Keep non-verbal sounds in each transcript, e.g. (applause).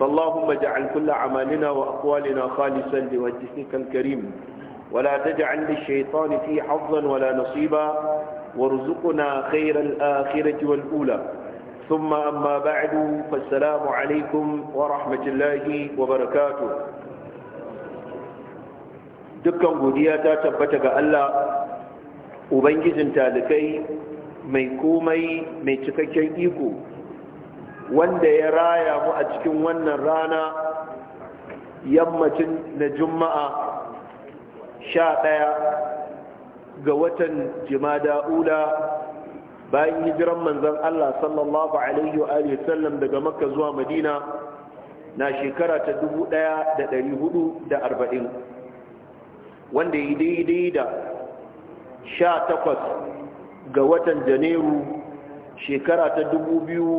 فاللهم اجعل كل عمالنا وأقوالنا خالصا لوجهك الكريم ولا تجعل للشيطان فيه حظا ولا نصيبا وارزقنا خير الآخرة والأولى ثم أما بعد فالسلام عليكم ورحمة الله وبركاته دكا قدياتا تبتك ألا أبنجز تالكي ميكومي ميتككي إيكو wanda ya raya mu a cikin wannan rana yammacin na juma'a sha ɗaya ga watan jimada'ula bayan hijiran manzan Allah sallallahu Alaihi wa sallam daga makka zuwa madina na shekara ta dubu ɗaya da da hudu arba'in, wanda yi daidai da sha takwas ga watan janairu shekara ta dubu biyu.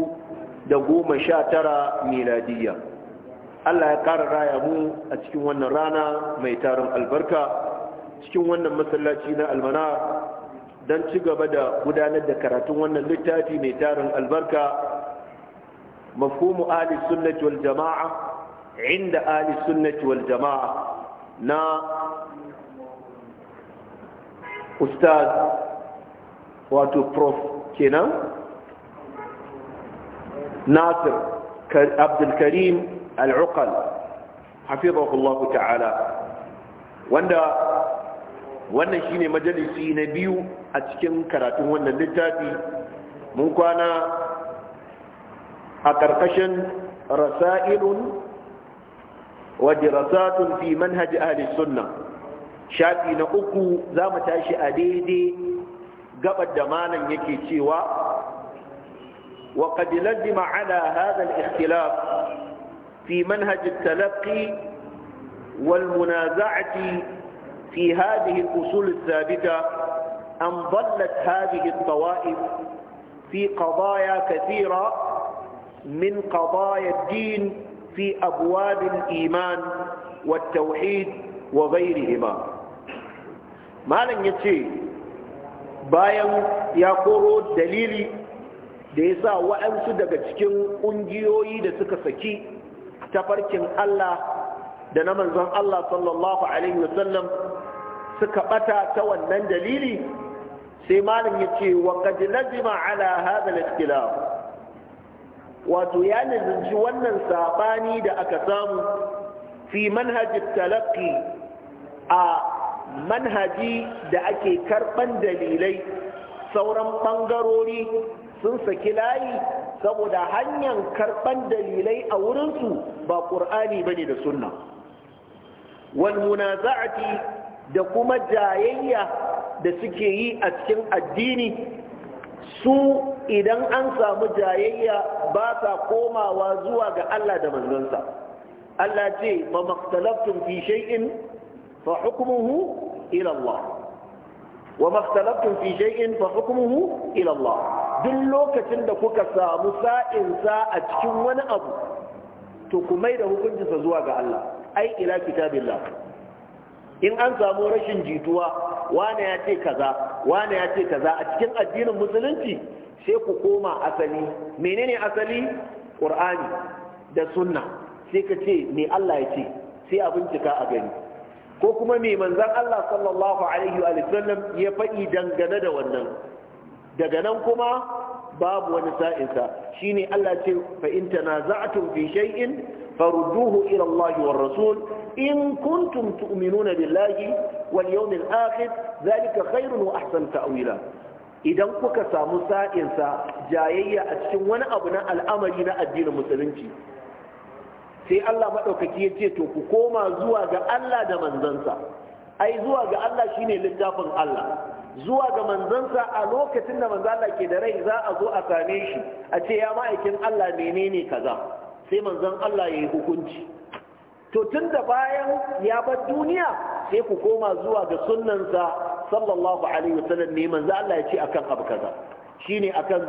da goma sha tara miladiyya Allah ya ƙara raya mu a cikin wannan rana mai tarin albarka cikin wannan masallaci na almana don ci gaba da gudanar da karatun wannan littafi mai tarin albarka mafhumu ahli sunnati wal jama'a inda ali sunnati wal jama'a na ustaz wato prof kenan nasir abdulkarim al'uqal hafizahullahu ta'ala wanda wannan shine majalisi na biyu a cikin karatun wannan littafi mun kwana a ƙarƙashin rasailun wa dirasatun fi manhaj ahli sunna shafi na uku za mu tashi a daidai gabar da malam yake cewa وقد لزم على هذا الاختلاف في منهج التلقي والمنازعة في هذه الأصول الثابتة أن ضلت هذه الطوائف في قضايا كثيرة من قضايا الدين في أبواب الإيمان والتوحيد وغيرهما ما لن يتشي باين يقول دليلي da ya sa wa'ansu daga cikin ƙungiyoyi da suka saki tafarkin Allah da na manzon Allah sallallahu Alaihi wasallam suka ɓata ta wannan dalili sai malam ya ce wa kaji lazima ala haɗa ikhtilaf wato ya nazinci wannan saɓani da aka samu fi manhaji talaki a manhaji da ake karɓan dalilai sauran ɓangarori sun saki layi saboda hanyar karɓan dalilai a wurinsu ba ƙur'ani ba ne da sunna wal munaza'ati da kuma jayayya da suke yi a cikin addini su idan an samu jayayya ba sa komawa zuwa ga Allah da manzansa Allah ce fa maktalaftum fi shay'in fa ila Allah wa maktalaftum fi shay'in fa hukumuhu, ila Allah duk lokacin da kuka samu sa'insa a cikin wani abu to ku mai da hukuncinsa zuwa ga Allah ai ila kitabillah in an samu rashin jituwa wane ya ce kaza wane ya ce kaza a cikin addinin musulunci sai ku koma asali menene asali qur'ani da sunna sai ka ce me Allah ya ce sai a bincika a gani ko kuma me manzon Allah sallallahu alaihi wa sallam ya faɗi dangane da wannan daga nan kuma babu wani sa'insa ne Allah ce fa in tanaza'tum fi shay'in farudduhu ila Allah war rasul in kuntum tu'minuna billahi wal yawmil akhir zalika khairun wa ahsanu ta'wila idan kuka samu sa'insa jayayya a cikin wani abu na al'amari na addinin musulunci sai Allah maɗaukaki ya ce to ku koma zuwa ga Allah da manzansa ai zuwa ga Allah shine littafin Allah zuwa ga manzansa a lokacin da manzo Allah ke da rai za a zo a same shi a ce ya ma'aikin Allah menene kaza sai manzon Allah ya yi hukunci to tun da bayan ya bar duniya sai ku koma zuwa ga sunnansa sallallahu alaihi wasallam ne manzo Allah ya ce akan abu kaza shine akan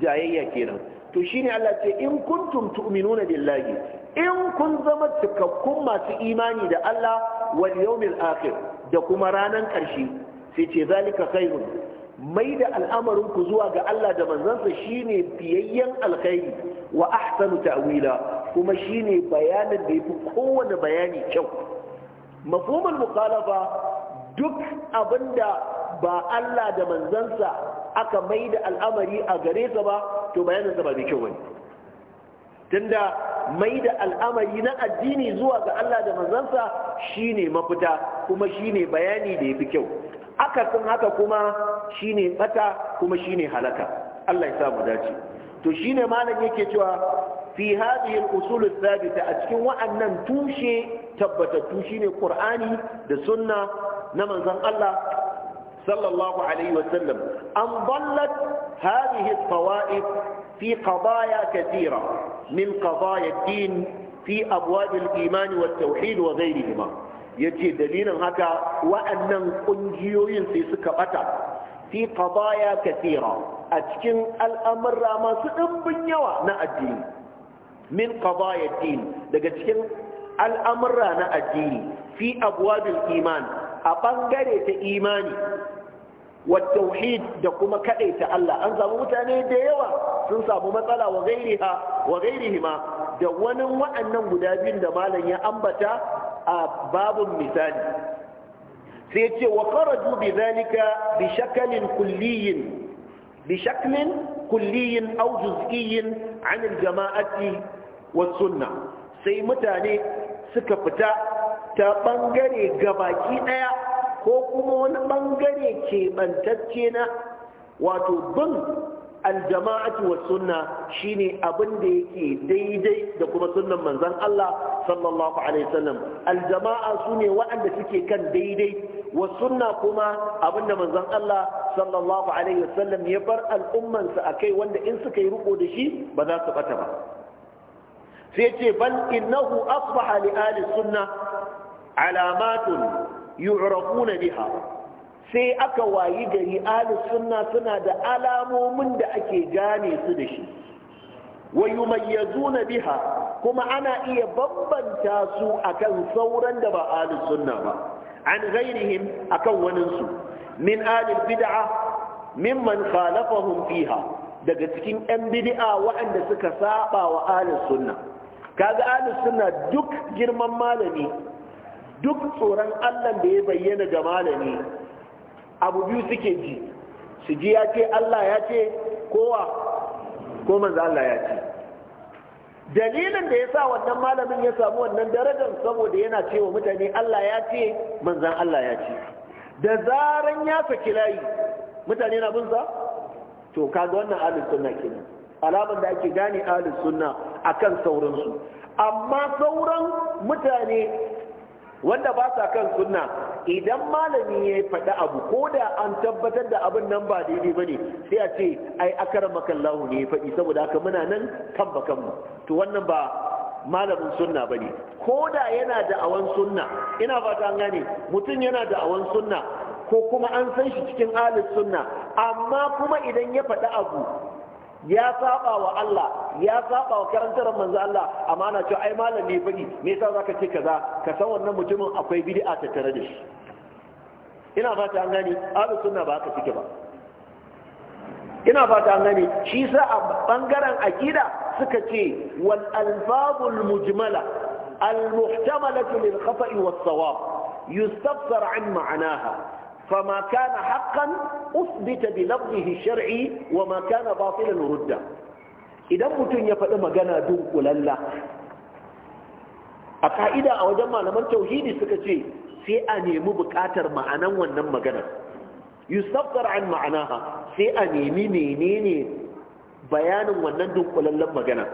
jayayya kenan to shine Allah ce in kuntum tu'minuna billahi in kun zama cikakkun masu imani da Allah wal yawmil akhir da kuma ranan ƙarshe sai ce zalika khairun mai da al'amarin ku zuwa ga Allah da manzansa shine fiyayyen alkhairi wa ahsanu ta'wila kuma shine bayanin da yafi kowane bayani kyau mafhumul mukhalafa duk abinda ba Allah da manzansa aka mai da al'amari a gare sa ba to bayanin sa ba mai kyau bane tunda mai da al'amari na addini zuwa ga Allah da manzansa shine mafita kuma shine bayani da yafi kyau akasin haka kuma shine bata kuma shine halaka Allah ya sa mu dace to shine malam yake cewa fi hadhihi al-usul ath-thabita a cikin wa'annan tushe tabbatattu shine Qur'ani da sunna na manzon Allah sallallahu alaihi an dallat صلى الله عليه وسلم أن ضلت هذه الطوائف في قضايا كثيرة من قضايا الدين في أبواب الإيمان والتوحيد وغيرهما ya ce dalilin haka wa'annan ƙungiyoyin sai suka ɓata fi qadaya kathira a cikin al'amurra masu ɗimbin yawa na addini min qadaya din daga cikin al'amurra na addini fi abwabil iman a ɓangare ta imani wa tauhid da kuma kaɗaita Allah an samu mutane da yawa sun samu matsala wa gairiha wa gairihima da wani wa'annan guda biyun da malam ya ambata a babun misali sai ce wa kara bi zalika bi shakalin kulliyin bi shakalin kulliyin aw juz'iyyin an al-jama'ati wa sunna sai mutane suka fita ta bangare gabaki daya ko kuma wani bangare keɓantacce na wato bin aljama'atu wa sunna shine abin da yake daidai da kuma sunnan manzon Allah sallallahu alaihi wasallam aljama'a sune waɗanda suke kan daidai wa sunna kuma abinda manzon Allah sallallahu alaihi wasallam ya bar al'umman sa akai wanda in suka yi riko da shi ba za su bata ba sai ce bal innahu asbaha li ahli sunna alamatun yu'rafuna biha sai aka wayi gari Ali sunna suna da alamomin da ake gane su da shi wa na biha kuma ana iya bambanta su akan sauran da ba ahlus sunna ba an ghairihim akan waninsu min ahlul bid'a mimman khalafahum fiha daga cikin yan bid'a waɗanda suka saba wa ahlus sunna kaga Ali sunna duk girman malami duk tsoron Allah da ya bayyana ga malami abu biyu suke ji su ji ya ce Allah ya ce kowa ko manzo Allah ya ce dalilin da ya sa wannan malamin ya samu wannan darajar saboda yana cewa mutane Allah ya ce manzan Allah ya ce da zaran ya saki layi mutane na bin sa to kaga wannan ahlus sunna kenan alamar da ake gane ahlus sunna akan sauransu amma sauran mutane wanda ba sa kan sunna idan malami ya faɗi abu ko da an tabbatar da abin nan ba daidai ba ne sai a ce ai akara makallahu ne ya faɗi saboda haka muna nan kan bakanmu to wannan ba malamin sunna ba ne ko da yana da awan sunna ina fata an gane mutum yana da awan sunna ko kuma an san shi cikin alis sunna amma kuma idan ya faɗi abu ya saba wa Allah ya saba wa karantar manzo Allah amma ana cewa ai malami ya fadi me yasa zaka ce kaza ka san wannan mutumin akwai bid'a tattare da shi ina fata an gani ahlus sunna ba haka suke ba ina fata an gani shi sa a bangaren aƙida suka ce wal alfazul mujmala al muhtamalatu lil khata'i was sawab yustafsar an ma'anaha فما كان حقا أثبت بلفظه الشرعي وما كان باطلا ردا idan mutum ya faɗi magana dunkulalla a ka'ida a wajen malaman tauhidi suka ce sai a nemi buƙatar ma'anan wannan maganar yustafsar an ma'anaha sai a nemi menene bayanin wannan dunkulallen magana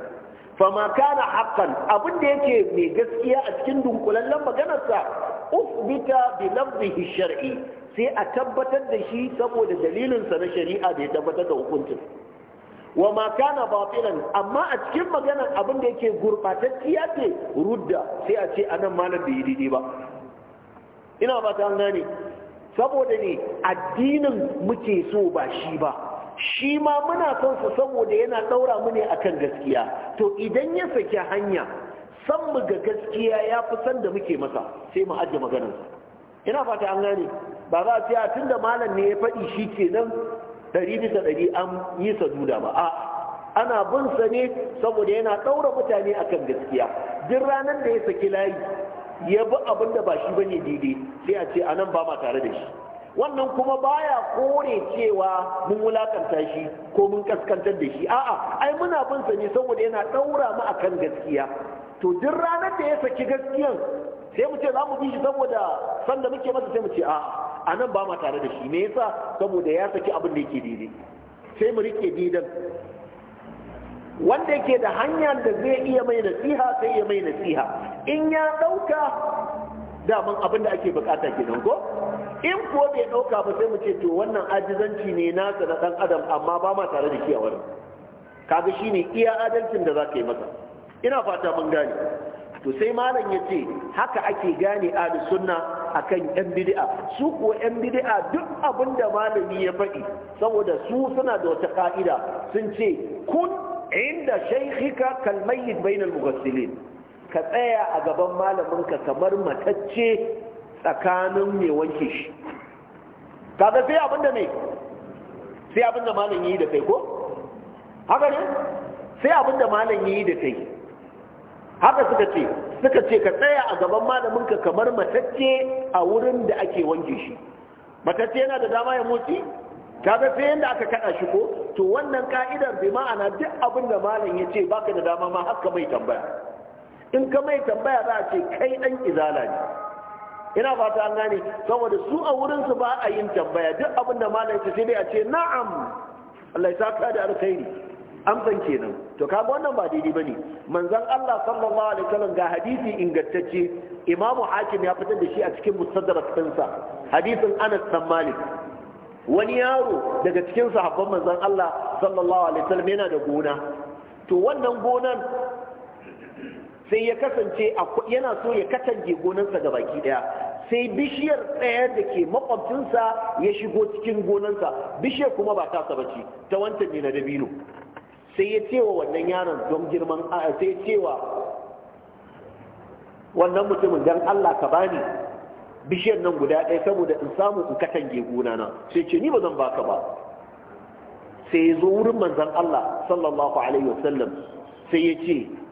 fama kana haqqan abin da yake mai gaskiya a cikin dunkulallen maganarsa usbita bi lafzihi shar'i sai a tabbatar da shi saboda dalilinsa na shari'a da ya tabbatar da hukuncin wa ma kana batilan amma a cikin maganar abin da yake gurbatacciya ce rudda sai a ce anan malam bai yi daidai ba ina ba ta gane saboda ne addinin muke so ba shi ba shi ma muna son sa saboda yana ɗaura mu ne akan gaskiya to idan ya saki hanya san mu ga gaskiya ya fi san da muke masa sai mu ajiye maganarsa ina fata an gane ba za a ce a tun da malam ne ya faɗi shi ke nan, ɗari bisa ɗari an yi sa duda ba a ana bin sa ne saboda yana ɗaura mutane akan gaskiya duk ranar da ya saki layi ya bi abin ba shi ne daidai sai a ce a nan ba ma tare da shi wannan kuma baya kore cewa mun wulakanta shi ko mun kaskantar da shi a'a ai muna bin sa ne saboda yana daura mu akan gaskiya to duk ranar da ya saki gaskiyan sai mu ce za mu bi shi saboda sanda muke masa sai mu ce a nan ba ma tare da shi me yasa saboda ya saki abin da yake daidai sai mu rike didan wanda yake da hanyar da zai iya mai nasiha sai ya mai nasiha in ya dauka daman abin da ake bukata kenan ko in kuwa bai dauka ba sai mu ce to wannan ajizanci ne nasa na dan adam amma ba ma tare da kiyawar kaga shine iya adalcin da zaka yi masa ina fata mun gane to sai malam ya ce haka ake gane ahli sunna akan yan bid'a su kuwa yan bid'a duk abin da malami ya faɗi saboda su suna da wata ka'ida sun ce kun inda shaykhika kalmayyit bainal mughassilin ka tsaya a gaban malaminka kamar matacce tsakanin mai wanke shi kaga sai abinda ne sai abinda malam yi da kai ko haka ne sai abinda malam yi da kai haka suka ce suka ce ka tsaya a gaban malaminka kamar matacce a wurin da ake wanke shi matacce yana da dama ya motsi kaga sai yanda aka kada shi ko to wannan ka'idar bi ma'ana duk abin da malam ya ce baka da dama ma haka mai tambaya in ka mai tambaya za a ce kai ɗan izala ne ina fata an gane saboda su a wurin ba a yin tambaya duk abin da malam ya sai a ce na'am Allah ya saka da alkhairi amsan kenan to kaga wannan ba daidai bane manzon Allah sallallahu alaihi wasallam ga hadisi ingantacce imamu hakim ya fitar da shi a cikin musaddarat ɗinsa hadisin anas bin malik wani yaro daga cikin sahabban manzon Allah sallallahu alaihi wasallam yana da gona to wannan gonan sai ya kasance yana so ya katange gonansa ga baki daya sai bishiyar ɗaya da ke makwabcinsa ya shigo cikin gonansa. bishiyar kuma ba ta bace ta wancan ne na dabino sai ya cewa wannan yaron don girman sai ya cewa wannan mutumin don Allah ka bani bishiyar nan guda ɗaya saboda in samu in katange gonana sai ce ni ba zan baka ba sai ya zo wurin manzon Allah sallallahu alaihi wasallam sai ya ce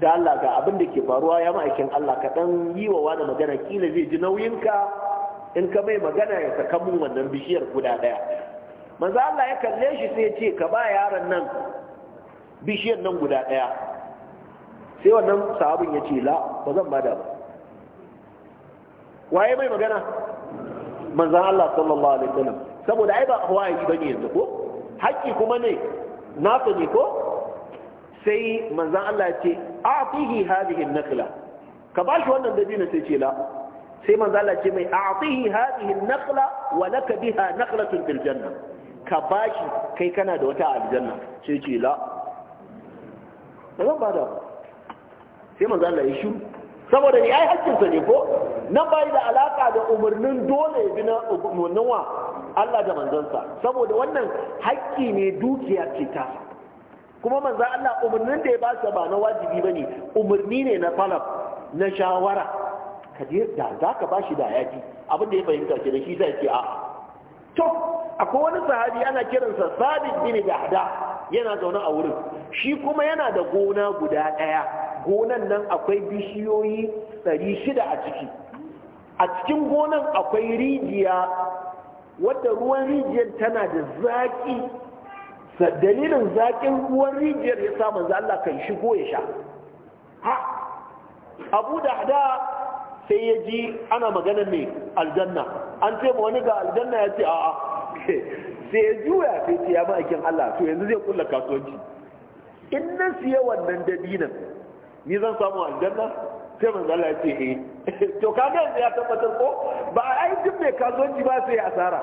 da Allah ga abin da ke faruwa ya ma'aikin Allah ka dan yi wa wani magana kila zai ji nauyinka in ka mai magana ya saka mun wannan bishiyar guda daya manzo Allah ya kalle shi sai ya ce ka ba yaron nan bishiyar nan guda daya sai wannan sahabin ya ce la ba zan bada ba waye mai magana manzon Allah sallallahu alaihi wasallam saboda ai ba ba bane yanzu ko haƙƙi kuma ne na ne ko sai manzan Allah ce a'tihi hadhihi an-nakhla ka ba shi wannan dabino sai ce la sai manzo ce mai a'tihi hadhihi an-nakhla wa laka biha nakhlatun ka ba kai kana da wata aljanna la ba zan sai ya saboda ni ai hakkinsa ne ko nan bai da alaka da umarnin dole bi na umarnin wa Allah da manzansa saboda wannan hakki ne dukiya ce ta kuma manzo Allah umarnin da ya ba su ba na wajibi bane umarni ne na talab na shawara ka je da za ka bashi da yaji abin da ya fahimta ke da shi zai ce a to akwai wani sahabi ana kiransa sabit bin ada yana zaune a wurin shi kuma yana da gona guda daya gonan nan akwai bishiyoyi 600 a ciki a cikin gonan akwai rijiya wadda ruwan rijiyar tana da zaki dalilin zaƙin ruwan rijiyar ya samun zala Allah kan shigo ya sha ha abu da hada sai ya ji ana magana mai aljanna an ce ma wani ga aljanna ya ce a'a (laughs) sai ya juya sai ce ya ma'aikin Allah to yanzu zai kulla kasuwanci in na siya wannan dabinan ni zan samu aljanna sai manzo Allah ya ce eh (laughs) to kaga yanzu ya tabbatar ko ba a yi duk mai kasuwanci ba sai asara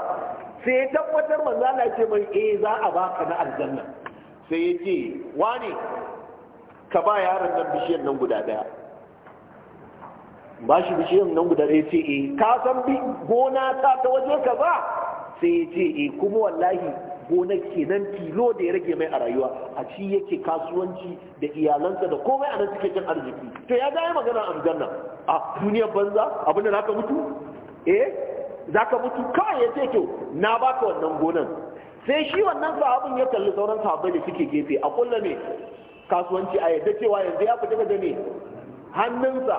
sai ya tabbatar manzo Allah ce mai eh za a baka na aljanna sai ya ce wani ka ba yaron nan bishiyar nan guda daya ba shi bishiyar nan guda daya ce eh ka san bi gona ta ta waje kaza sai ya ce eh kuma wallahi gonar kenan tilo da ya rage mai a rayuwa a ci yake kasuwanci da iyalansa da komai a nan suke jin arziki to ya ga magana aljanna a duniyar banza abinda ka mutu eh za ka mutu kawai ya ce to na baka wannan gonan sai shi wannan sahabin ya kalli sauran sahabbai da suke gefe a kulla ne kasuwanci a yadda cewa yanzu ya fita daga ne hannunsa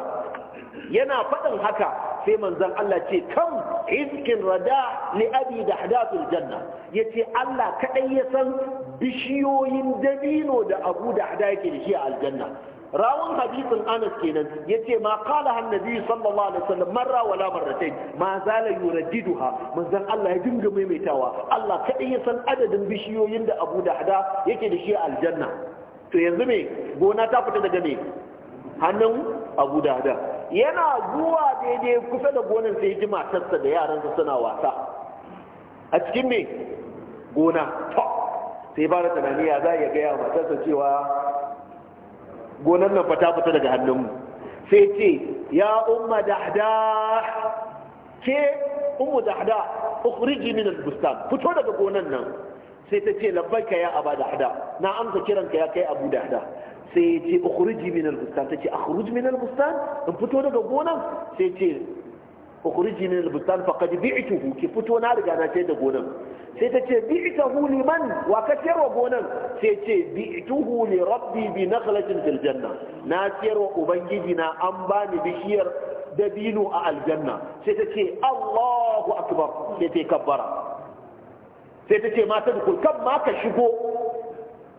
yana faɗin haka sai manzon Allah ce kan iskin rada li abi da hadatul janna yace Allah kadai ya san bishiyoyin dabino da abu da hada yake da shi a aljanna rawun hadisin Anas kenan yace ma qala annabi sallallahu alaihi wasallam marra wala marratayn ma zala yuradiduha manzon Allah ya dinga maimaitawa Allah kadai ya san adadin bishiyoyin da Abu Dahda yake da shi a aljanna to yanzu me gona ta fita daga me hannun Abu Dahda yana zuwa daidai kusa da gonan sai ji matarsa da yaransa suna wasa a cikin me gona to sai ba da tunani ya za ya gaya matarsa cewa gonar nan fata fita daga hannunmu sai ce ya umma hada ke umma dahda ukhriji min al-bustan fito daga gonar nan sai ta ce labbaika ya abada hada na amsa kiranka ya kai abu hada sai ya ce ukhriji min al-bustan ta ce akhruj min al-bustan in fito daga gonar sai ce ukhriji min al-bustan faqad bi'tuhu ki fito na riga na ce da gonar sai ta ce huli man wa ka wa gonan sai ce bi'tuhu huli rabbi bi nakhlatin fil janna na wa ubangiji na an bani bishiyar dabino a aljanna sai ta ce Allahu akbar sai ta kabbara sai ta ce mata da dukul kan ma ka shigo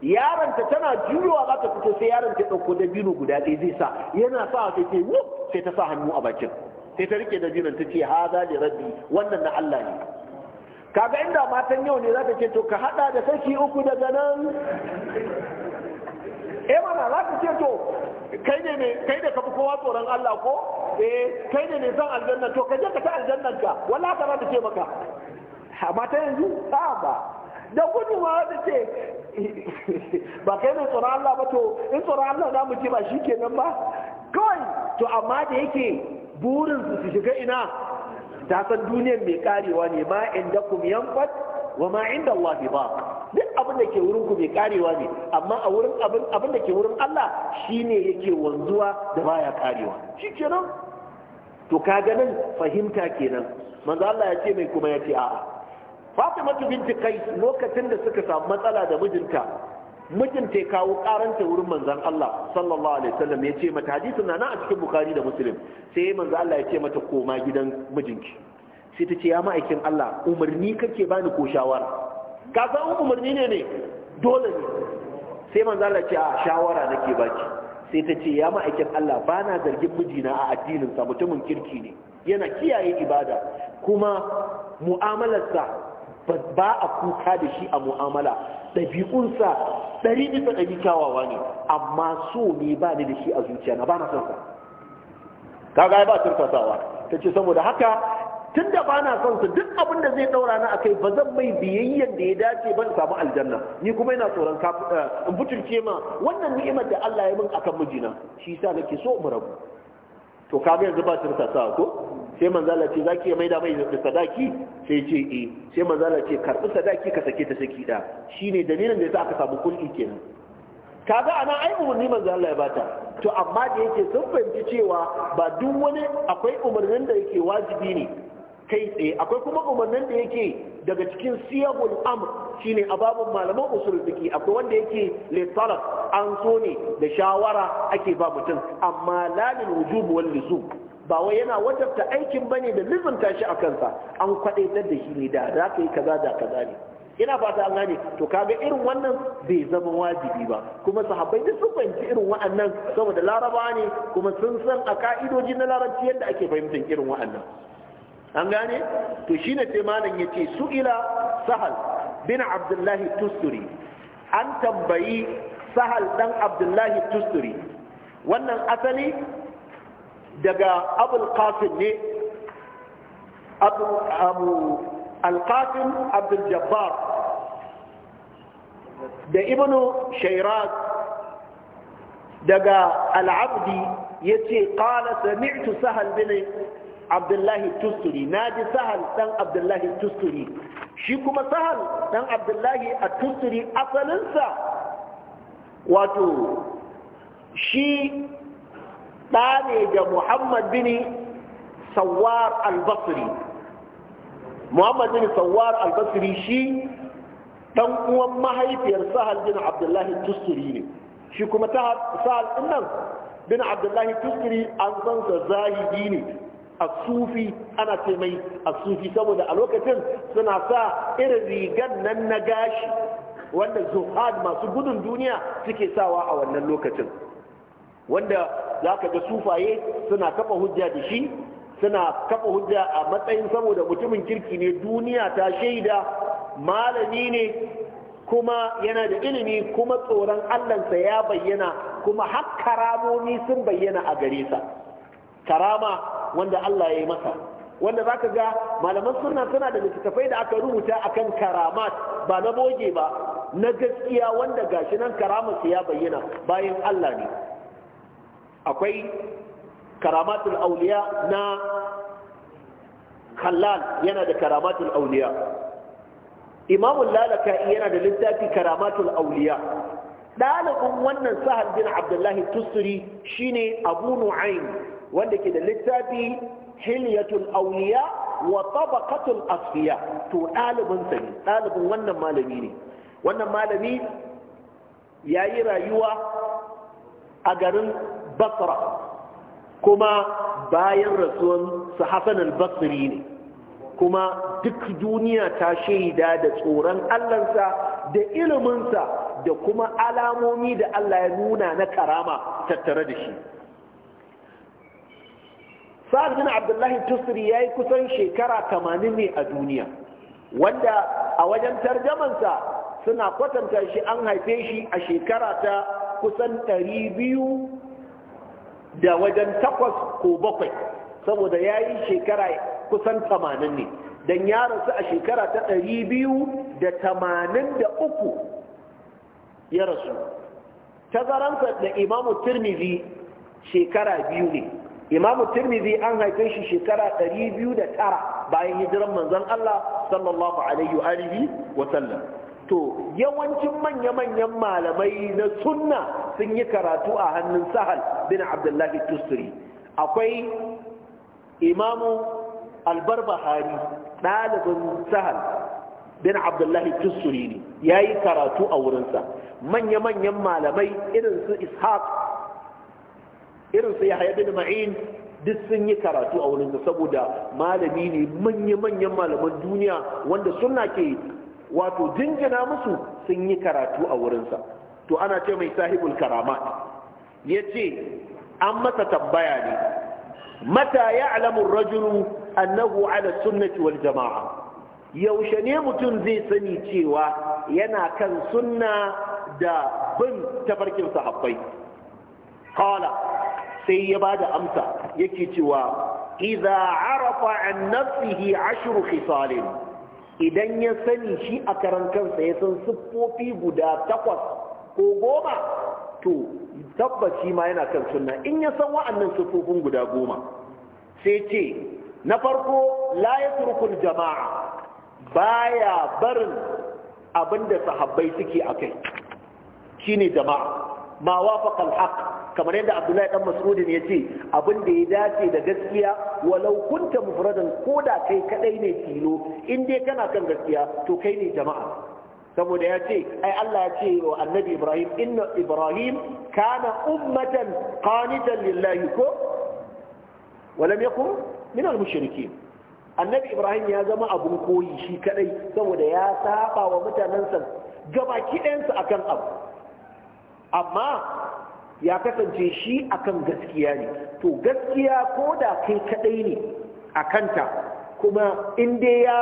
yaranta tana juyowa za ta fito sai yaron ta dauko dabino guda ɗaya zai sa yana sa ta wu sai ta sa hannu a bakin sai ta rike dabinon ta ce haza li rabbi wannan na Allah ne kaga inda matan yau ne za ta ce to ka hada da kashi uku daga nan eh mana za ta ce to kai ne ne kai da kafi kowa tsoron Allah ko eh kai ne ne zan aljanna to ka je ka ta aljannan ka wallahi ka za ta ce maka amma ta yanzu ba ba da za ta ce (laughs) ba kai ne tsoron Allah ba to in tsoron Allah za mu ce ba shi kenan ba kawai to amma da yake burin su shiga ina ta san duniyar mai karewa ne ma inda kum yanfat wa ma inda Allah ba duk abin da ke wurin ku mai karewa ne amma a wurin abin abin da ke wurin Allah shine yake wanzuwa da baya karewa kenan to kaga nan fahimta kenan manzo Allah ya ce mai kuma ya ce a'a Fatima binti Qais lokacin da suka samu matsala da mijinta mijinta ya kawo karanta wurin manzan Allah sallallahu alaihi wasallam ya ce mata hadisin na nan a cikin bukari da muslim sai manzan Allah ya ce mata koma gidan mijinki sai ta ce ya ma'aikin Allah umarni kake bani ko shawara ka san umarni ne ne dole ne sai manzan Allah ya ce a shawara nake baki sai ta ce ya ma'aikin Allah bana zargin mijina a addinin sa mutumin kirki ne yana kiyaye ibada kuma mu'amalarsa ba a kuka da shi a mu'amala ɗabi'unsa ɗari bisa ɗari kyawawa ne amma so ne ba ni da shi a zuciya na ba na son sa Ka gaya ba turkasawa ta ce saboda haka tun da ba na son su duk abin da zai ɗaura na akai ba zan mai biyayyen da ya dace ban samu aljanna ni kuma yana tsoron eh, in butulce ma wannan ni'imar da Allah ya min akan mijina shi yasa nake so mu rabu to kaga yanzu ba turkasawa ko sai manzala ce za ki mai maida mai da sadaki sai ce eh sai manzala ce karɓi sadaki ka sake ta saki da shine dalilin da sa aka samu kulki kenan kaga ana ai umarni manzo Allah ya bata to amma da yake sun fahimci cewa ba duk wani akwai umarnin da yake wajibi ne kai tsaye akwai kuma umarnin da yake daga cikin siyabul amr shine ababun malaman usul fiqi akwai wanda yake li talab an so ne da shawara ake ba mutum amma lalil wujub wal luzum ba wai yana wajabta aikin bane da lizinta shi a kansa an kwadaitar da shi ne da za ka yi kaza da kaza ne ina fata an gane to kaga irin wannan bai zama wajibi ba kuma sahabbai duk sun fahimci irin wa'annan saboda laraba ne kuma sun san a ka'idoji na larabci yadda ake fahimtar irin wa'annan an gane to shine sai malam yace su'ila sahal bin abdullahi tusturi an tambayi sahal dan abdullahi tusturi wannan asali daga abul qasim ne abu abu al abdul jabbar da ibnu Shairaz. daga al-abdi yace qala sami'tu sahal bin abdullahi tusturi na ji sahal dan abdullahi tusturi shi kuma sahal dan abdullahi a tusturi asalinsa wato shi ɗa ne ga muhammad bin sawar albasri muhammad bin sawar albasri shi ɗan uwan mahaifiyar sahal bin abdullahi tusturi ne shi kuma ta sahal ɗin bin abdullahi tusturi an san sa zahidi ne a sufi ana ce mai a sufi saboda a lokacin suna sa irin rigar nan na gashi wanda zuhad masu gudun duniya suke sawa a wannan lokacin wanda za ka ga sufaye suna kafa hujja da shi suna kafa hujja a matsayin saboda mutumin kirki ne duniya ta shaida malami ne kuma yana da ilimi kuma tsoron allansa ya bayyana kuma har karamomi sun bayyana a gare sa karama wanda allah ya yi masa wanda za ka ga malaman suna suna da littattafai da aka rubuta a kan karamat ba na boge ba na gaskiya wanda gashi nan karamarsa ya bayyana bayan allah ne akwai karamatul auliya na khallal yana da karamatul auliya imamun lalaka'i yana da littafi karamatul auliya ɗalibin wannan sahal bin abdullahi tusuri shine abu nu'aym wanda ke da littafi hilyatul auliya wa tabaqatul asfiya to dalibin sa ne ɗalibin wannan malami ne wannan malami ya yi rayuwa a garin basra kuma bayan rasuwan su hasan al-basri ne kuma duk duniya ta shaida da tsoron allansa da iliminsa da kuma alamomi da allah ya nuna na karama tattare da shi sa'ad abdullahi tusri ya yi kusan shekara tamanin ne a duniya wanda a wajen tarjamansa suna kwatanta shi an haife shi a shekara ta kusan ɗari biyu da wajen takwas ko bakwai saboda ya yi shekara kusan tamanin ne don ya rasu a shekara ta ɗari biyu da tamanin da uku ya rasu tazaransa da imamu turmizi shekara biyu ne imamu turmizi an haife shi shekara ɗari biyu da tara bayan hijiran manzon Allah sallallahu alaihi wa sallam to yawancin manya-manyan malamai na sunna sun yi karatu a hannun sahal bin abdullahi tusturi akwai imamu albarbahari ɗalibin sahal bin abdullahi tusri ne ya yi karatu a wurinsa manya-manyan malamai irinsu ishaq irinsu yahaya bin ma'in duk sun yi karatu a wurinsa saboda malami ne manya-manyan malaman duniya wanda suna ke wato jinjira musu sun yi karatu a wurinsa to ana ce mai sahibul karama. ya ce an masa tambaya ne mata ya alamun rajunu annahu ala sunnati wal jama'a yaushe ne mutum zai sani cewa yana kan sunna da bin tafarkin sahabbai kala sai ya ba da amsa yake cewa iza arafa an nafsihi ashru khisalin idan ya sani shi a karan kansa ya san siffofi guda takwas ko goma to tabbaci ma yana kan suna. in ya san wa'annan siffofin guda goma sai ce na farko la ya turkul jama'a baya barin abinda sahabbai suke a kai shine jama'a ma wafaqa al kamar yadda Abdullahi dan Mas'ud ya ce abin da ya dace da gaskiya walau kunta mufradan koda kai kadai ne tilo in dai kana kan gaskiya to kai ne jama'a saboda ya ce ai Allah ya ce wa annabi Ibrahim inna Ibrahim kana ummatan qanitan lillahi ko walam yakun min al annabi Ibrahim ya zama abun koyi shi kadai saboda ya saba wa mutanansa gabaki ɗayansu akan abu amma ya kasance shi akan gaskiya ne to gaskiya ko da kai kadai ne a kanta kuma in dai ya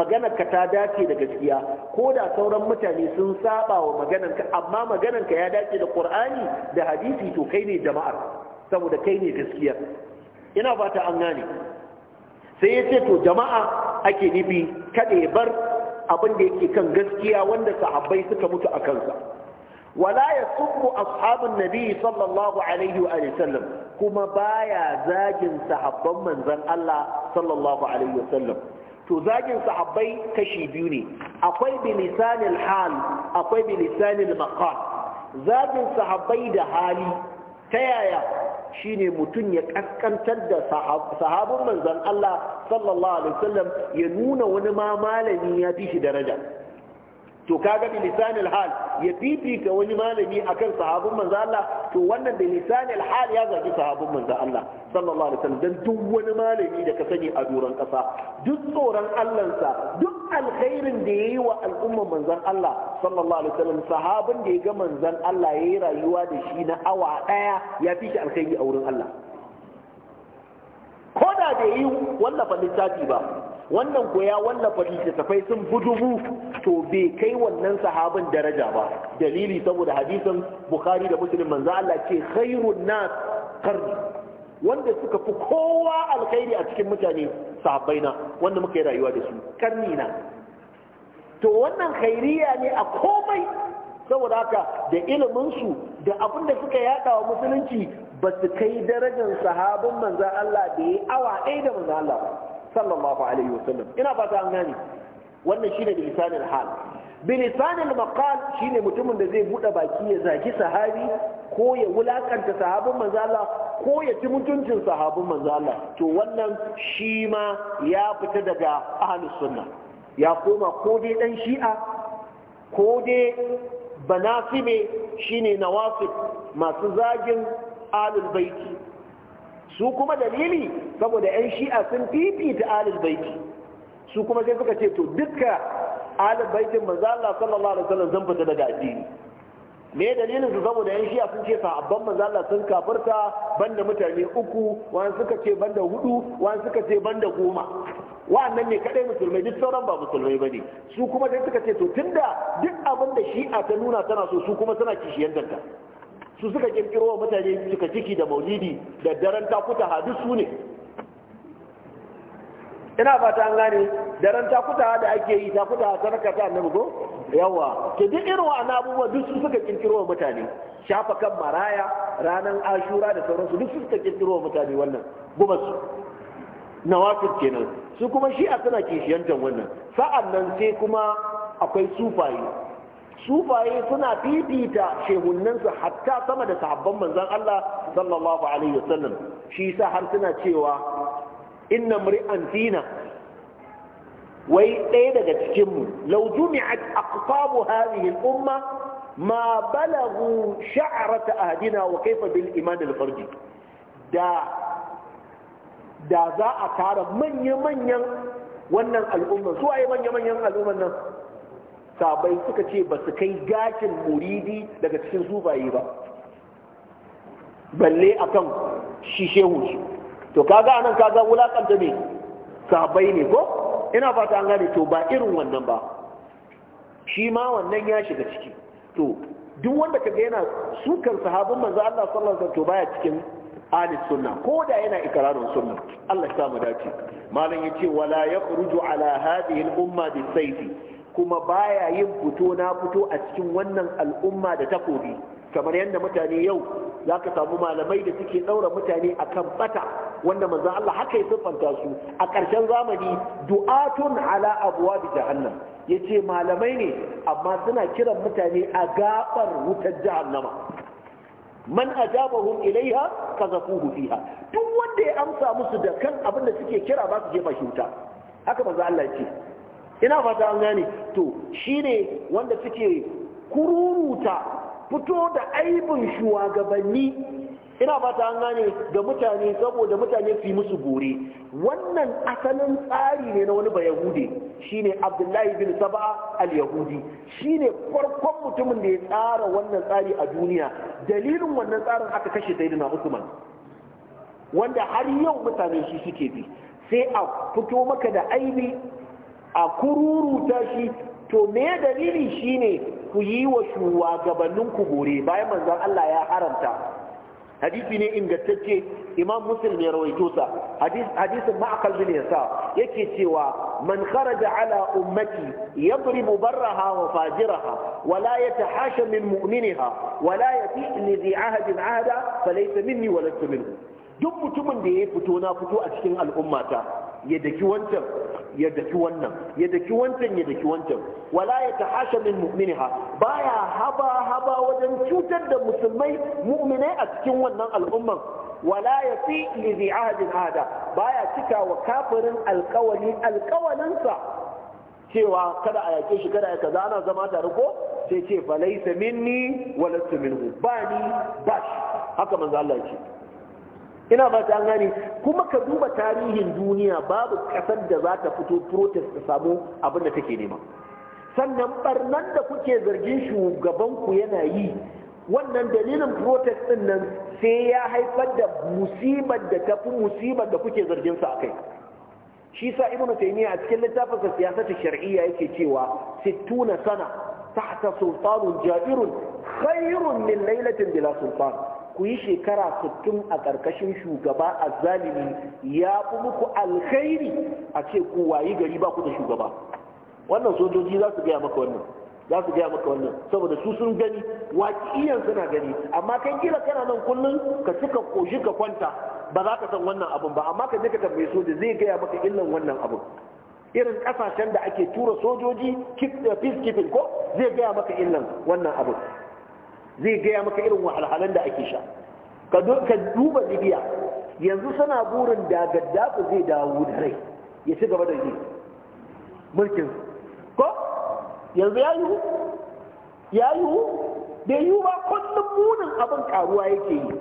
maganarka ta dace da gaskiya ko da sauran mutane sun saba wa maganarka amma maganarka ya dace da Ƙur'ani da hadisi to kai ne jama'ar saboda kai ne gaskiya ina fata an gane sai ya ce to jama'a ake nufi kada ya bar abin da yake kan gaskiya wanda sahabbai suka mutu a kansa wala yasubbu ashabun nabi sallallahu alaihi wa sallam kuma baya zagin sahabban manzon Allah sallallahu alaihi wa sallam to zagin sahabbai kashi biyu ne akwai bilisanil hal akwai bilisanil maqal zagin sahabbai da hali ta yaya shine mutum ya kaskantar da sahabin manzon Allah sallallahu alaihi wasallam ya nuna wani ma malami ya fi shi daraja to kaga bi lisanil hal ya fifita wani malami akan sahabin manzo Allah to wannan da lisanil hal ya zagi sahabin manzo Allah sallallahu alaihi wasallam dan duk wani malami da ka sani a duran kasa duk tsoron sa, duk alkhairin da yayi wa al'umma manzon Allah sallallahu alaihi wasallam sahabin da ya ga manzon Allah yayi rayuwa da shi na awa daya ya fi shi alkhairi a wurin Allah ko da bai yi wallafa littafi ba wannan ko ya wallafa littattafai sun fi dubu to bai kai wannan sahabin daraja ba dalili saboda hadisin bukhari da muslim manzo Allah ce khairun nas qarni wanda suka fi kowa alkhairi a cikin mutane sahabbaina wanda muka yi rayuwa da su karni na to wannan khairiya ne a komai saboda haka da ilimin su da abin da suka yada wa musulunci ba su kai darajar sahabin manzo Allah da ya awa ɗaya da manzo Allah ba sallallahu alaihi wasallam ina fata an gani wannan shine bilisanil hal bilisanil maqal shine mutumin da zai bude baki ya zaki sahabi ko ya wulakanta sahabin manzo ko ya ci mutuncin sahabin manzo to wannan shi ma ya fita daga ahlus sunna ya koma ko dai dan shi'a ko dai banasibe shine nawasib masu zagin ahlul baiti su kuma dalili saboda 'yan shi'a sun fifita alil baiti su kuma sai suka ce to duka alil mazala sallallahu alaihi wasallam zan fita daga addini me dalilin su saboda 'yan shi'a sun ce sahabban mazala sun kafirta banda mutane uku wani suka ce banda hudu wani suka ce banda goma wannan ne kadai musulmai duk sauran ba musulmai ba ne su kuma sai suka ce to tunda duk abin da shi'a ta nuna tana so su kuma tana kishiyar danta su suka kirkiro wa mutane cika ciki da maulidi da daren takuta hadisu ne ina fata an gane daren takuta da ake yi takuta ta raka ta annabi ko yawa to duk irin wa'annan abubuwa duk su suka kirkiro wa mutane shafa kan maraya ranar ashura da sauransu duk su suka kirkiro wa mutane wannan gubansu nawafir kenan su kuma shi'a suna kishiyantar wannan sa'an nan sai kuma akwai sufaye sufaye suna fifita shehunninsu hatta sama da sahabban manzan Allah sallallahu alaihi wasallam shi yasa har suna cewa inna mri'an fina wai ɗaya daga cikinmu law jumi'at aqtabu hadhihi al-umma ma balagu sha'rata ahdina wa kaifa bil iman al da da za a tara manya-manyan wannan al'umma su ayi manya-manyan al'umman nan sabai suka ce ba su kai gashin muridi daga cikin sufaye ba balle akan kan shehu shi to kaga anan kaga wulakanta ne sabai ne ko ina fata an gane to ba irin wannan ba shi ma wannan ya shiga ciki to duk wanda ka ga yana sukan sahabin manzo Allah sallallahu alaihi wasallam to baya cikin ahli sunna ko da yana ikrarin sunna Allah ya samu dace malam yace wala yakhruju ala hadhihi al umma bi kuma baya yin fito na fito a cikin wannan al'umma da takobi kamar yadda mutane yau za ka samu malamai da suke ɗaura mutane a kan bata wanda manzan Allah haka ya siffanta su a ƙarshen zamani du'atun ala abuwa da jahannam ya ce malamai ne amma suna kiran mutane a gaɓar wutar jahannama man ajabahum ilaiha kazafuhu hufiha. duk wanda ya amsa musu da kan abin da suke kira ba su jefa shi wuta haka manzan Allah ya ce ina fata an gane to shine wanda suke kururuta fito da aibin shugabanni ina fata an gane ga mutane saboda mutane su musu gore wannan asalin tsari ne na wani bayahude ne abdullahi bin saba al-yahudi Shi ne farkon mutumin da ya tsara wannan tsari a duniya dalilin wannan tsarin aka kashe dina usman wanda har yau mutane shi suke bi sai a fito maka da aibi a kururuta shi to me dalili shine ku yi wa shugabanninku gore bayan manzon Allah ya haramta hadisi ne ingantacce imam muslim ya rawaito sa hadisin ma'akal bin yasa yake cewa man kharaja ala ummati yadribu barraha wa fajiraha wa la yatahasha min mu'miniha wa la yati li dhi ahadin ahada falaysa minni wa lastu minhu duk mutumin da ya fito na fito a cikin al'ummata ya daki wancan ya daki wannan ya daki wancan ya daki wancan wala ya tahasha min mu'minha baya haba haba wajen cutar da musulmai mu'minai a cikin wannan al'umman wala ya fi li zi ahadin ahada baya cika wa kafirin alkawali alkawalinsa cewa kada a yake shi kada ya kaza ana zama tare ko sai ce fa laysa minni wa minhu ba ni ba shi haka manzo Allah ya ce ina ba ta gane kuma ka duba tarihin duniya babu kasar da za ta fito protest ta samu abin da take nema sannan barnan da kuke zargin shugabanku yana yi wannan dalilin protest din nan sai ya haifar da musibar da tafi musibar da kuke zargin sa akai shi sa ibnu taymiya a cikin littafinsa siyasatu shar'iyya yake cewa 60 sana tahta sultanun ja'irun khairun min lailatin bila sultan ku yi shekara 60 a ƙarƙashin shugaba a zalimi ya fi muku alkhairi a ce ku wayi gari ba ku da shugaba wannan sojoji za su gaya maka wannan za su gaya maka wannan saboda su sun gani waƙiyan suna gani amma kai kila kana nan kullum ka cika koshi ka kwanta ba za ka san wannan abun ba amma ka je ka tambaye soja zai gaya maka illan wannan abin irin kasashen da ake tura sojoji uh, keeping ko zai gaya maka illan wannan abin zai gaya maka irin wahalhalan da ake sha ka duba libya yanzu suna burin da zai dawo da rai ya ci gaba da yi mulkin ko yanzu ya yiwu ya yiwu da yiwu ba kullum munin abin karuwa yake yi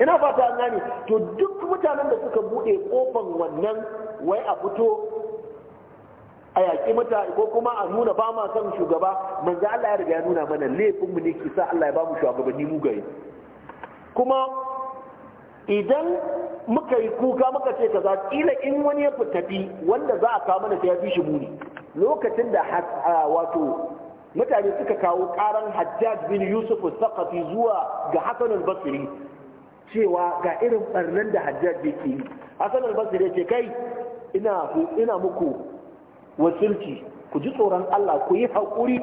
ina fata an gane to duk mutanen da suka buɗe kofan wannan wai a fito a yaƙi mutane ko kuma a nuna ba ma son shugaba manzo Allah ya riga ya nuna mana laifin mu ne ki sa Allah ya ba mu shugabanni mugaye kuma idan muka yi kuka muka ce kaza kila in wani ya fitafi wanda za a kawo mana sai ya fi shi muni lokacin da wato mutane suka kawo karan Hajjaj bin Yusuf al zuwa ga hasan al-Basri cewa ga irin barnan da Hajjaj yake yi hasan al-Basri ya ce kai ina ina muku wasulki ku ji tsoron Allah ku yi haƙuri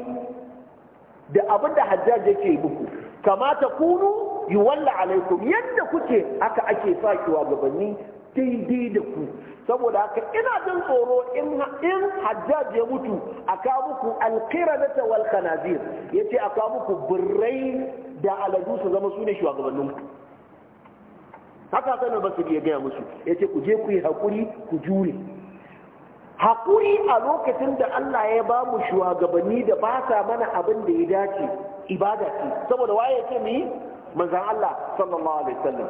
da abin da hajjaj yake muku kamata kunu yi walla alaikum yadda kuke aka ake sa kiwa gabanni daidai da ku saboda haka ina jin tsoro in hajjaj ya mutu a muku tawal kanazir ya yace a muku birrai da aladu su zama su ne ku, haka sanar basu biya gaya musu ya ce ku je ku yi haƙuri ku jure haƙuri a lokacin da Allah ya ba mu shugabanni da ba sa mana abin da ya dace ibada ce saboda waye ce mu yi manzan Allah sallallahu alaihi wasallam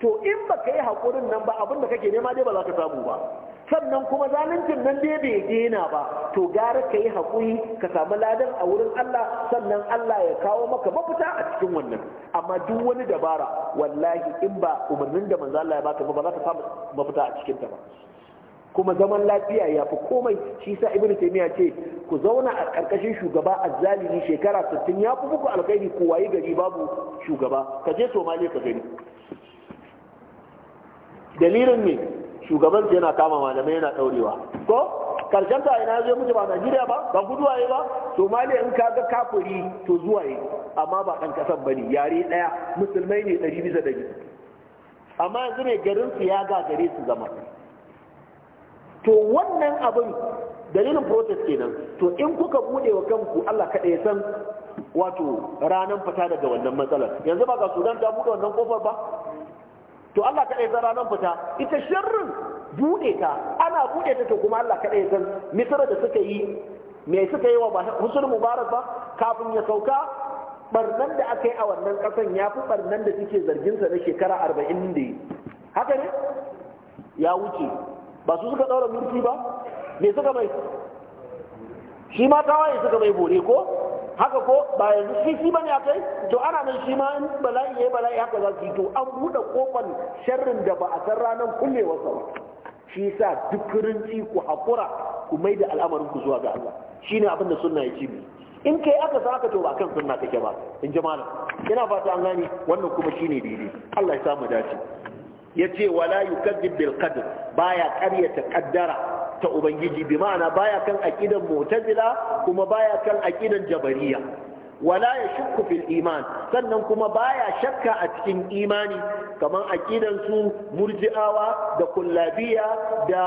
to in ba ka yi haƙurin nan ba abin da kake nema dai ba za ka samu ba sannan kuma zaluncin nan dai bai daina ba to gara ka yi haƙuri ka samu ladan a wurin Allah sannan Allah ya kawo maka mafita a cikin wannan amma duk wani dabara wallahi in ba umarnin da manzan Allah ya baka ba ba za ka samu mafita a cikin ta ba kuma zaman lafiya ya fi komai shi sa ibn taymiya ce ku zauna a karkashin shugaba azzalimi shekara 60 ya fi muku alkhairi ku wayi gari babu shugaba ka je somaliya ka gani dalilin ne shugaban yana kama malamai yana daurewa ko karshen ta ina zai mutu ba Najeriya ba ba guduwa yi ba Somaliya in ka ga kafiri to zuwa yi amma ba ɗan kasan bane yare ɗaya musulmai ne ɗari bisa ɗari amma yanzu ne garin su ya gare su zama to wannan abin dalilin protest kenan to in kuka bude wa kanku Allah kada ya san wato ranan fita daga wannan matsalar yanzu ba ga Sudan ta bude wannan kofar ba to Allah kada ya san ranan fita ita sharrin bude ta ana bude ta to kuma Allah kada ya san misra da suka yi me suka yi wa Husn Mubarak ba kafin ya sauka barnan da aka yi a wannan kasan ya fi barnan da suke zargin sa na shekara 40 da haka ne ya wuce ba su suka ɗaura mulki ba me suka mai shi ma tawaye suka mai bore ko haka ko ba yanzu shi shi bane akai to ana nan shi ma in bala'i yayi bala'i haka za su yi to an buɗe kofar sharrin da ba a san ranar kullewarsa ba shi sa duk rinci ku hakura ku mai da al'amarin ku zuwa ga Allah shine abin da sunna ya ce mu in kai aka sa aka to ba kan sunna kake ba in jama'a. ina fata an gane wannan kuma shine daidai Allah ya samu dace yace wala yukadzib bil qadr baya ƙaryata kaddara ta ubangiji bi ma'ana baya kan aqidan Motazila, kuma baya kan aqidan jabariya wala yashukku fil iman sannan kuma baya shakka a cikin imani kamar aƙidan su murji'awa da kullabiya da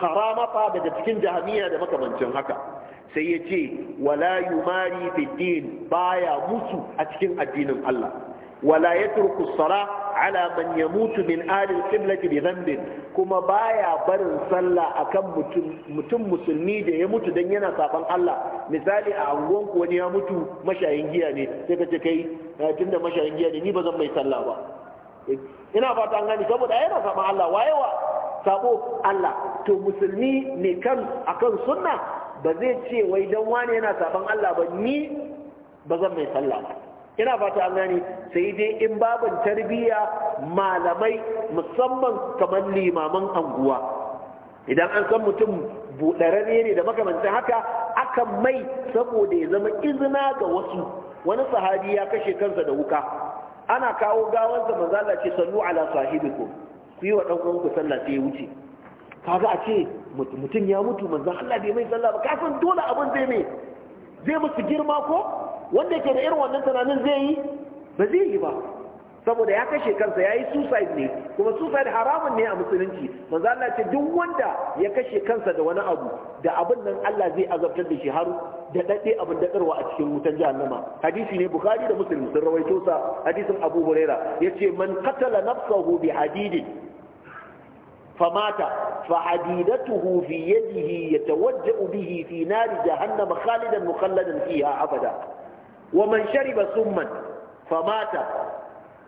karamata daga cikin jami'a da makamancin haka sai ya ce wala yumari fi baya musu a cikin addinin Allah wala yatruku as-salah ala man mutu min ahli al-qiblati bi dhanbin kuma baya barin sallah akan mutum musulmi da ya mutu dan yana saban Allah misali a angon ku wani ya mutu mashayin giya ne sai ka ce kai tunda mashayin giya ne ni ba zan mai sallah ba ina fata an gani saboda yana saban Allah wayewa sabo Allah to musulmi ne kan akan sunna ba zai ce wai dan wani yana saban Allah ba ni ba zan mai sallah ina fata an gani sai dai in babin tarbiyya malamai musamman kamar limaman anguwa idan an san mutum buɗararre ne da makaranta haka akan mai saboda ya zama izina ga wasu wani sahabi ya kashe kansa da wuka ana kawo gawansa manzala ce sallu ala ko. ku yi wa ɗan ku sallah sai ya wuce kaga a ce mutum ya mutu manzan Allah bai mai sallah ba kasan dole abin zai mai zai musu girma ko wanda ke da irin wannan tunanin zai yi ba zai yi ba saboda ya kashe kansa ya yi suicide ne kuma suicide haramun ne a musulunci manzo Allah ce duk wanda ya kashe kansa da wani abu da abin nan Allah zai azabtar da shi har da dade abin dadarwa a cikin wutan jahannama hadisi ne bukhari da muslim sun rawaito sa hadisin abu huraira yace man qatala nafsahu bi hadidin فمات فحديدته في يده يتوجأ به في نار جهنم خالدا مخلدا فيها abada. wa man shariba summan famata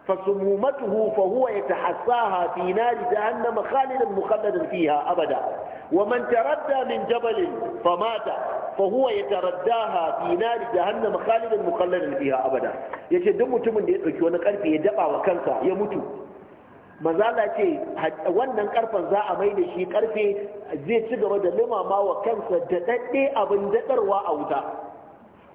فسمومته فهو يتحساها في نار جهنم خالدا مخلدا فيها أبدا ومن تردى من جبل فمات فهو يترداها في نار جهنم خالدا مخلدا فيها أبدا yace duk mutumin da ya ɗauki wani karfe ya daba wa kansa ya mutu manzala ce wannan karfen za a mai da shi karfe zai ci gaba da limama wa kansa da daɗe abin daɗarwa a wuta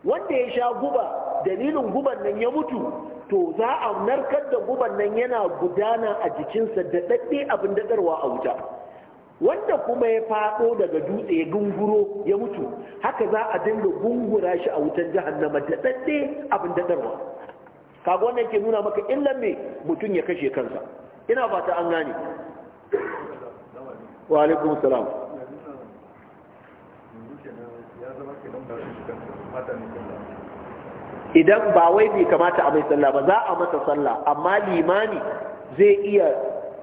wanda ya sha guba dalilin guban nan ya mutu to za a narkar da guban nan yana gudana a jikinsa da daɗe abin daɗarwa a wuta wanda kuma ya faɗo daga dutse ya gunguro ya mutu haka za a dinga gungura shi a wutan jahannama da daɗe abin daɗarwa kaga wannan ke nuna maka illan me mutum ya kashe kansa ina fata an gane wa alaikum salam idan ba wai bai kamata a mai sallah ba za a masa sallah amma limani zai iya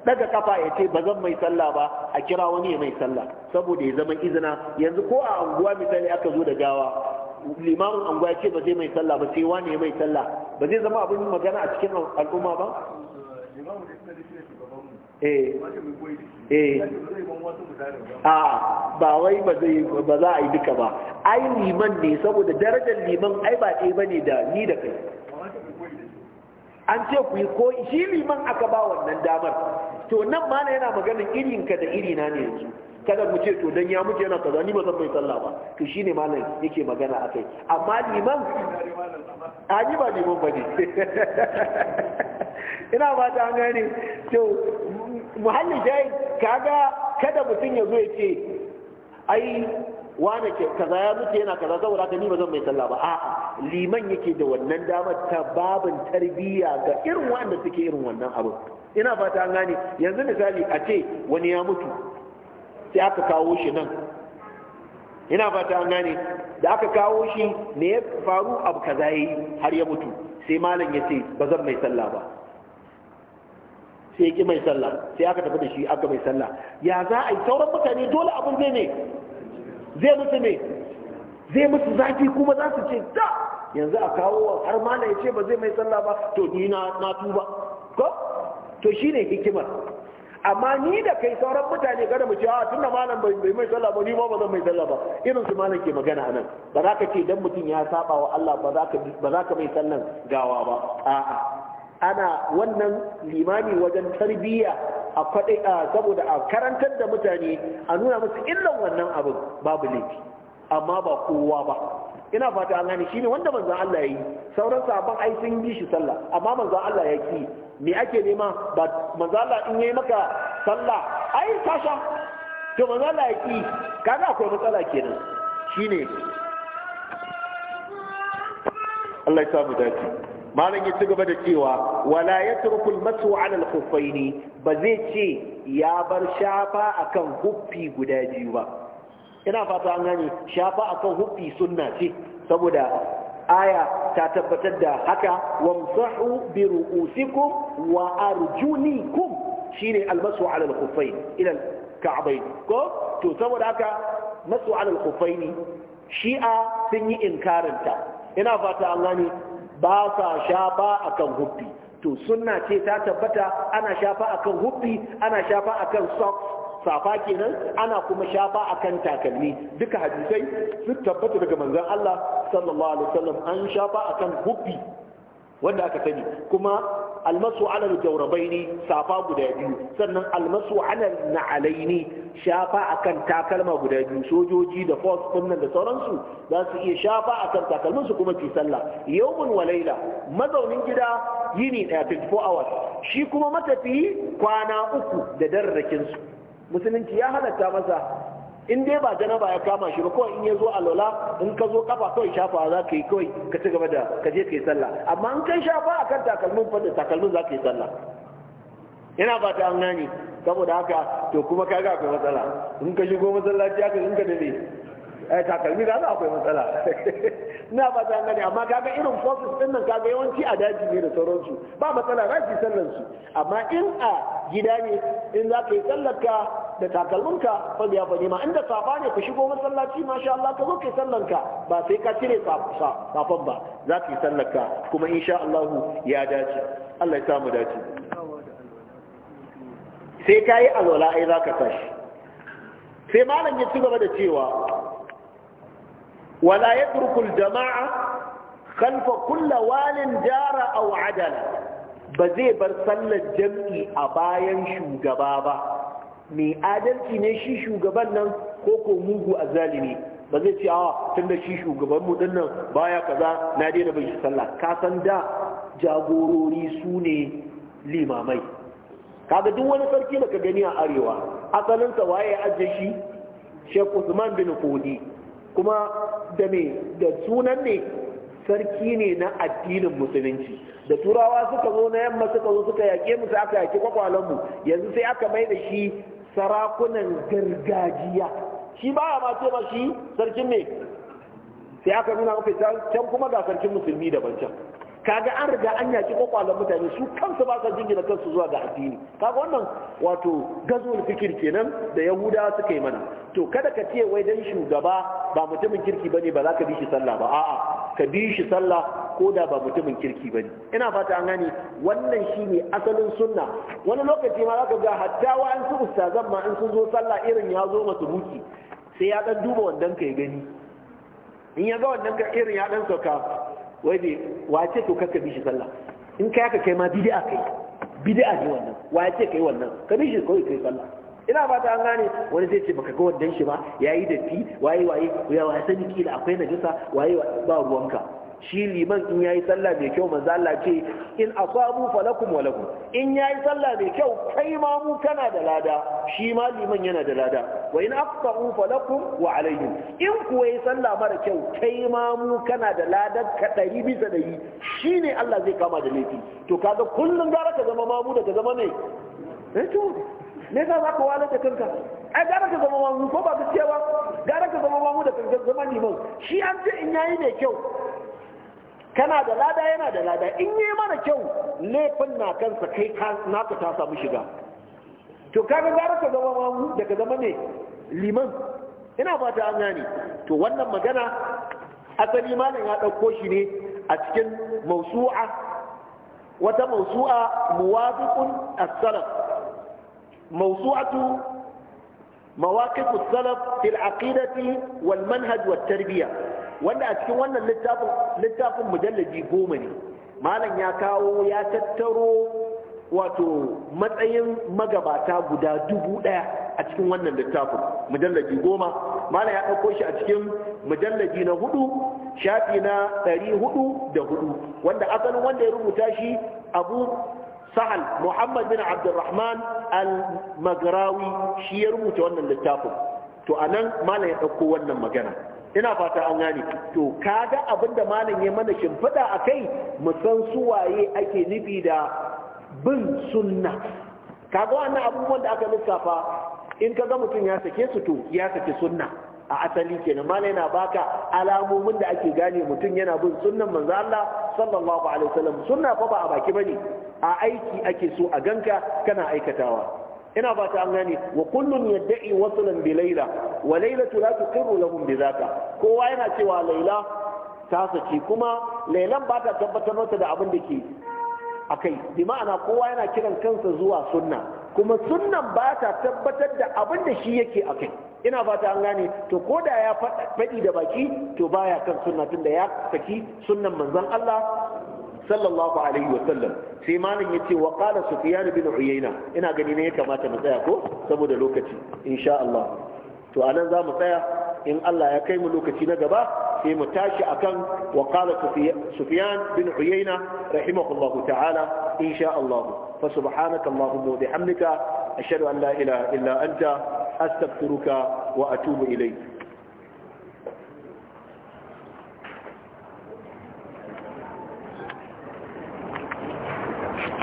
daga kafa ya ce ba zan mai sallah ba a kira wani ya mai sallah saboda ya zama izina yanzu ko a anguwa misali aka zo da gawa limamin anguwa ya ce ba zai mai sallah ba sai wani ya mai sallah ba zai zama abin magana a cikin al'umma ba Eh. Eh. a ah, ba wai ba za a yi duka ba ai liman ne saboda darajar liman ai ba ɗaya ba ne da ni da kai an ce ku yi ko shi liman aka ba wannan damar to nan ma yana maganin irinka da irina ne yanzu kada mu ce to dan ya mutu yana kaza ni ba zan mai sallah ba to shine malam yake magana akai amma liman a ni ba liman ba ne (laughs) ina ba ta gane to muhalli shayi kaga kada mutum ya zo ya ce ai wane kaza ya mutu yana kaza saboda haka ni ba zan mai sallah ba a'a liman yake da wannan damar ta babin tarbiyya ga irin wanda suke irin wannan abin ina fata an gane yanzu misali a ce wani ya mutu sai aka kawo shi nan ina fata an gane da aka kawo shi ne ya faru abu kaza yayi har ya mutu sai malam ya ce ba zan mai sallah ba sai ya ki mai sallah sai aka tafi da shi aka mai sallah ya za a yi sauran mutane dole abin zai ne zai musu ne zai musu zafi kuma za su ce da yanzu a kawo har ma na ya ce ba zai mai sallah ba to ni na na tuba ko to shine hikimar amma ni da kai sauran mutane kada mu ce a ah, tunda malam bai mai sallah ba ni ma ba zan mai sallah ba irin su malam ke magana anan ba za ka ce dan mutum ya saba wa Allah ba za ka ba za ka mai sallan gawa ba a'a ana wannan limami wajen tarbiyya a kwaɗe saboda a karantar da mutane a nuna musu illan wannan abin babu laifi amma ba kowa ba ina fata an gane shine wanda manzon Allah yayi sauran sahabban ai sun yi shi sallah amma manzon Allah ya ki me ake nema ba manzon Allah in yayi maka sallah ai tasha to manzon Allah ya ki kaga akwai matsala kenan shine Allah ya samu dace malam ya ci gaba da cewa wala yatruku al-masu ala al-khuffaini ba zai ce ya bar shafa akan huffi guda biyu ba ina fata an gani shafa akan huffi sunna ce saboda aya ta tabbatar da haka wamsahu bi ru'usikum wa shine al-masu ala al ila al ko to saboda haka masu ala al-khuffaini shi'a sun yi inkarinta ina fata an gani. ba sa shafa kan huffi to suna ce ta tabbata ana shafa kan huffi ana shafa akan socks safa kenan ana kuma shafa kan takalmi duka hadisai su tabbata daga manzon Allah sallallahu alaihi wasallam an shafa kan huffi wanda aka sani kuma almasu alal ne safa guda biyu sannan almasu alal na'alaini shafa akan takalma guda biyu sojoji da force din nan da sauransu za su iya shafa akan takalmin su kuma ci sallah yawmun wa laila mazaunin gida yini daya 24 hours shi kuma matafiyi kwana uku da darrakin su musulunci ya halatta masa in dai ba janaba ya kama shi ba kawai in ya zo a lola in ka zo kafa kawai shafa za ka yi kawai ka ci gaba da ka je ka yi sallah amma in kai shafa akan takalmin fa takalmin za ka yi sallah ina ba ta an gane saboda haka to kuma ga akwai matsala in ka shigo masallaci haka in ka dade eh takalmi za akwai matsala (laughs) ina ba ta an gane amma kaga irin forces din nan kaga yawanci a daji ne da sauransu ba matsala za su yi sallar su amma in a gida ne in za ka yi sallar ka da takalminka fa biya bani ma inda safa ne ku shigo masallaci masha Allah ka zo kai sallanka ba sai ka cire safan ba za ka yi sallanka kuma insha Allah ya dace Allah ya samu dace sai ka yi alwala ai za ka tashi sai malam ya ci gaba da cewa wala yatruku jamaa khalfa kulli walin jara aw adala ba zai bar sallar jam'i a bayan shugaba ba mai adalci ne shi shugaban nan ko ko mugu a zalimi ba zai ce awa ah, tun da shi shugaban mu dinnan baya kaza na daina da shi sallah ka san da jagorori su ne limamai kaga duk wani sarki da ka gani a arewa Asalin sa waye ya ajiye shi Sheikh Usman bin Fodi kuma da me da sunan ne sarki ne na addinin musulunci da turawa suka zo na yamma suka zo suka yaƙe mu sai aka yaƙe kwakwalan mu yanzu sai aka mai da shi sarakunan gargajiya shi ba ma mace ma shi sarkin ne sai aka nuna mafi can kuma ga sarkin musulmi daban can kaga an riga an yaki kwakwalon mutane su kansu ba sa jingina kansu zuwa ga addini kaga wannan wato gazul fikir kenan da yahudawa suka yi mana to kada ka ce wai dan shugaba ba mutumin kirki bane ba za ka bi shi sallah ba a'a ka bi shi sallah ko da ba mutumin kirki bane ina fata an gane wannan shine asalin sunna wani lokaci ma zaka ga hatta wa an su ustazan ma in sun zo sallah irin ya zo masa buki sai ya dan duba wannan ka ya gani in ya ga wannan ka irin ya dan sauka wai bai wace to kaka bi shi sallah in kai ka kai ma bid'a kai bid'a ne wannan wace kai wannan ka bi shi kai sallah ina ba ta an gane wani zai ce baka ga wandan shi ba yayi datti waye waye ya wa sani kila akwai najasa waye ba ruwanka shi liman in yayi sallah mai kyau manzo Allah ce in asabu falakum wa lakum in yayi sallah mai kyau kai ma mu kana da lada shi ma liman yana da lada wa in aqta'u falakum wa alayhi in kuwa yayi sallah mara kyau kai ma mu kana da lada ka dari bisa dari shine Allah zai kama da laifi to kaga kullun gara ka zama mamu da ka zama ne eh to me yasa za ka wale da kanka ai gara ka zama mamu ko ba gaskiya ba gara ka zama mamu da kanka zama liman shi an ce in yayi mai kyau kana da lada yana da lada in yi mana kyau laifin na kansa kai naka ta samu shiga to kaga gara ka zama mamu daga zama ne liman ina fata an gane to wannan magana asali malam ya ɗauko shi ne a cikin mausu'a wata mausu'a muwafiqun as-salaf موسوعة مواقف السلف في العقيدة والمنهج والتربية wanda a cikin wannan littafin littafin mujallaji goma ne malam ya kawo ya tattaro wato matsayin magabata guda dubu ɗaya a cikin wannan littafin mujallaji goma malam ya ɗauko shi a cikin mujallaji na hudu shafi na ɗari hudu da hudu wanda asalin wanda ya rubuta shi abu sahal muhammad bin abdurrahman al-magrawi shi ya rubuta wannan littafin to anan malam ya ɗauko wannan magana ina fata an gane to kaga abinda malam ya mana shimfiɗa a kai mu san waye ake nufi da bin sunna kaga wannan abubuwan da aka lissafa in ka ga mutum ya sake su to ya sake sunna a asali kenan malam yana baka alamomin da ake gane mutum yana bin sunnan manzo Allah sallallahu alaihi wasallam sunna fa ba a baki bane a aiki ake so a ganka kana aikatawa ina ba ta an gane wa kullun yadda'i wasulan bi laila wa lailatu la tuqirru lahum bi zaka kowa yana cewa laila ta saki. kuma lailan ba ta tabbatar mata da abin da ke akai bi ma'ana kowa yana kiran kansa zuwa sunna kuma sunnan ba ta tabbatar da abin da shi yake a kai ina fata an gane to ko da ya faɗi da baki to baya kan sunna tunda ya saki sunnan manzon Allah sallallahu alaihi wa sallam sai malam yace wa qala sufyan bin uyayna ina gani ne ya kamata mu tsaya ko saboda lokaci insha Allah to anan za mu tsaya in Allah ya kai mu lokaci na gaba sai mu tashi akan wa qala sufyan bin uyayna rahimahullahu ta'ala insha Allah fa subhanaka allahumma wa bihamdika ashhadu an la ilaha illa anta astaghfiruka wa atubu ilayk